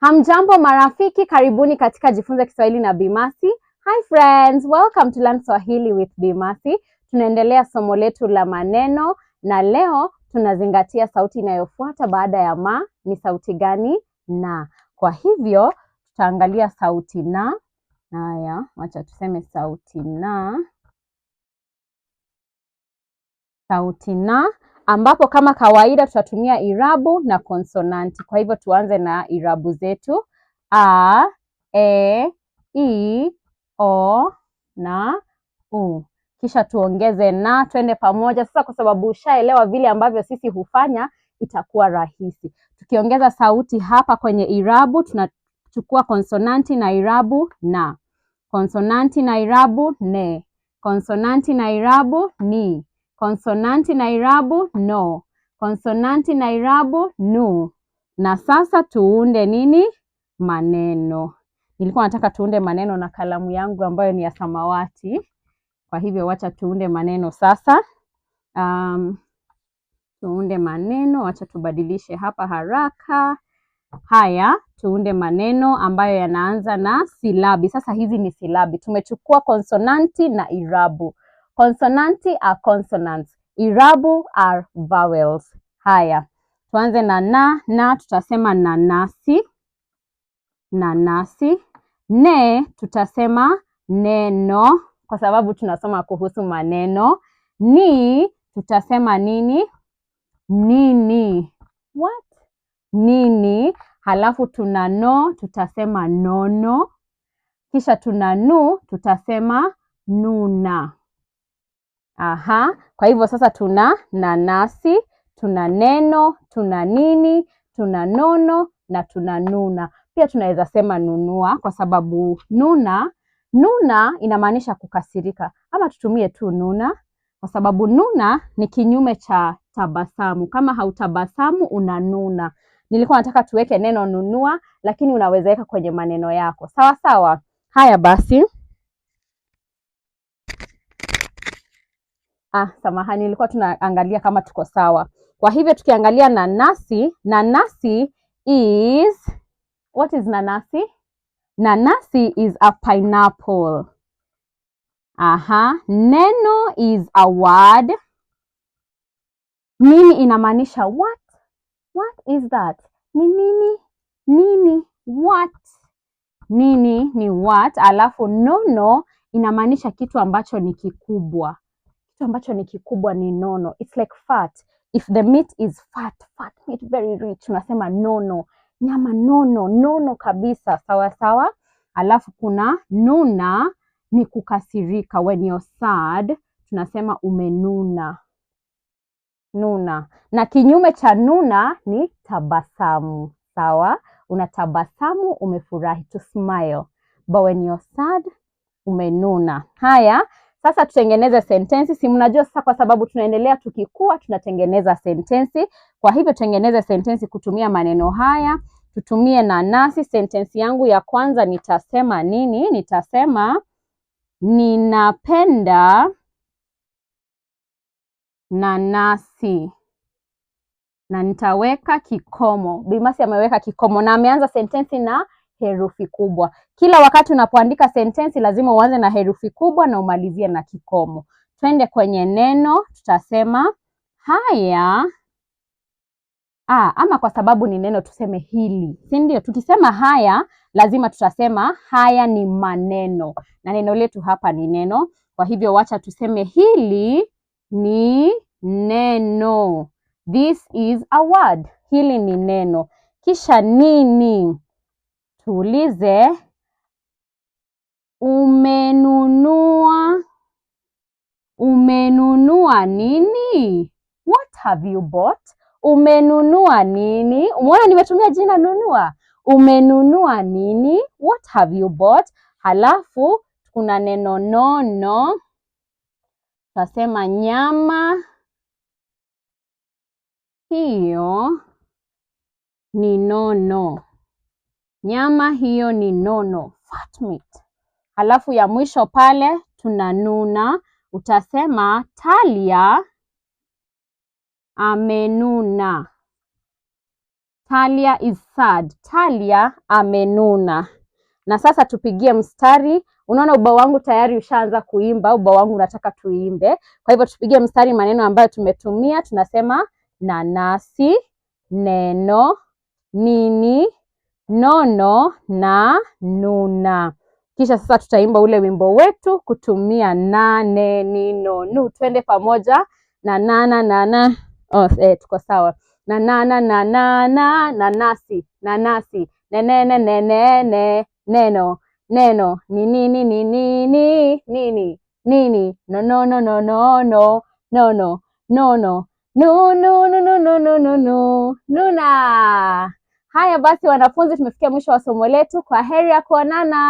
Hamjambo marafiki, karibuni katika Jifunze Kiswahili na Bi Mercy. Hi friends, welcome to Learn Swahili with Bi Mercy. Tunaendelea somo letu la maneno na leo tunazingatia sauti inayofuata baada ya ma ni sauti gani? Na. Kwa hivyo tutaangalia sauti na. Haya, wacha tuseme sauti na. Sauti na ambapo kama kawaida tutatumia irabu na konsonanti. Kwa hivyo tuanze na irabu zetu a, e, i, o na u, kisha tuongeze na, twende pamoja. Sasa kwa sababu ushaelewa vile ambavyo sisi hufanya, itakuwa rahisi. Tukiongeza sauti hapa kwenye irabu, tunachukua konsonanti na irabu na, konsonanti na irabu ne, konsonanti na irabu ni Konsonanti na irabu no, konsonanti na irabu nu. Na sasa tuunde nini? Maneno. Nilikuwa nataka tuunde maneno na kalamu yangu ambayo ni ya samawati, kwa hivyo wacha tuunde maneno sasa. Um, tuunde maneno, wacha tubadilishe hapa haraka. Haya, tuunde maneno ambayo yanaanza na silabi. Sasa hizi ni silabi, tumechukua konsonanti na irabu. Konsonanti are consonants. Irabu are vowels. Haya, tuanze na na. Na tutasema nanasi, nanasi. Ne tutasema neno, kwa sababu tunasoma kuhusu maneno. Ni tutasema nini, nini. What? Nini. Halafu tuna no, tutasema nono. Kisha tuna nu, tutasema nuna. Aha, kwa hivyo sasa tuna nanasi, tuna neno, tuna nini, tuna nono na tuna nuna. Pia tunaweza sema nunua kwa sababu nuna, nuna inamaanisha kukasirika ama tutumie tu nuna kwa sababu nuna ni kinyume cha tabasamu. Kama hautabasamu unanuna. Nilikuwa nataka tuweke neno nunua lakini unaweza weka kwenye maneno yako. Sawa sawa. Haya basi. Ah, samahani, ilikuwa tunaangalia kama tuko sawa. Kwa hivyo tukiangalia nanasi, nanasi is what is nanasi? Nanasi is a pineapple. Aha, neno is a word. Nini inamaanisha what? What is that? Ni nini? Nini? What? Nini ni what? Alafu nono inamaanisha kitu ambacho ni kikubwa kitu ambacho ni kikubwa ni nono. It's like fat. If the meat is fat, fat meat very rich, unasema nono, nyama nono, nono kabisa, sawa sawa. Alafu kuna nuna, ni kukasirika. When you're sad, tunasema umenuna, nuna. Na kinyume cha nuna ni tabasamu, sawa. Unatabasamu, umefurahi, to smile, but when you're sad, umenuna. Haya. Sasa tutengeneze sentensi, si mnajua sasa, kwa sababu tunaendelea tukikua, tunatengeneza sentensi. Kwa hivyo tutengeneze sentensi kutumia maneno haya, tutumie na nasi Sentensi yangu ya kwanza nitasema nini? Nitasema ninapenda nanasi na nitaweka kikomo. Bimasi ameweka kikomo na ameanza sentensi na herufi kubwa. Kila wakati unapoandika sentensi lazima uanze na herufi kubwa na umalizie na kikomo. Twende kwenye neno, tutasema haya. Aa, ama kwa sababu ni neno tuseme hili, si ndio? Tukisema haya lazima tutasema haya ni maneno, na neno letu hapa ni neno. Kwa hivyo wacha tuseme hili ni neno, this is a word. Hili ni neno, kisha nini? tuulize umenunua umenunua nini? What have you bought? Umenunua nini? Umeona nimetumia jina nunua. Umenunua nini? What have you bought? Halafu kuna neno nono, tasema nyama hiyo ni nono. Nyama hiyo ni nono fat meat Halafu ya mwisho pale tuna nuna utasema Talia amenuna. Talia is sad Talia amenuna. Na sasa tupigie mstari. Unaona ubao wangu tayari ushaanza kuimba, ubao wangu unataka tuimbe. Kwa hivyo tupigie mstari maneno ambayo tumetumia, tunasema nanasi, neno, nini, nono na nuna. Kisha sasa tutaimba ule wimbo wetu kutumia nane nino nu. Twende pamoja na nana nana. Oh, eh, tuko sawa na nana na nana nanasi nanasi nenene nenene neno neno ni nini ni nini nini nini no no no no no no no no no no no no no no no no no nuna Haya basi, wanafunzi, tumefikia mwisho wa somo letu. Kwa heri ya kuonana.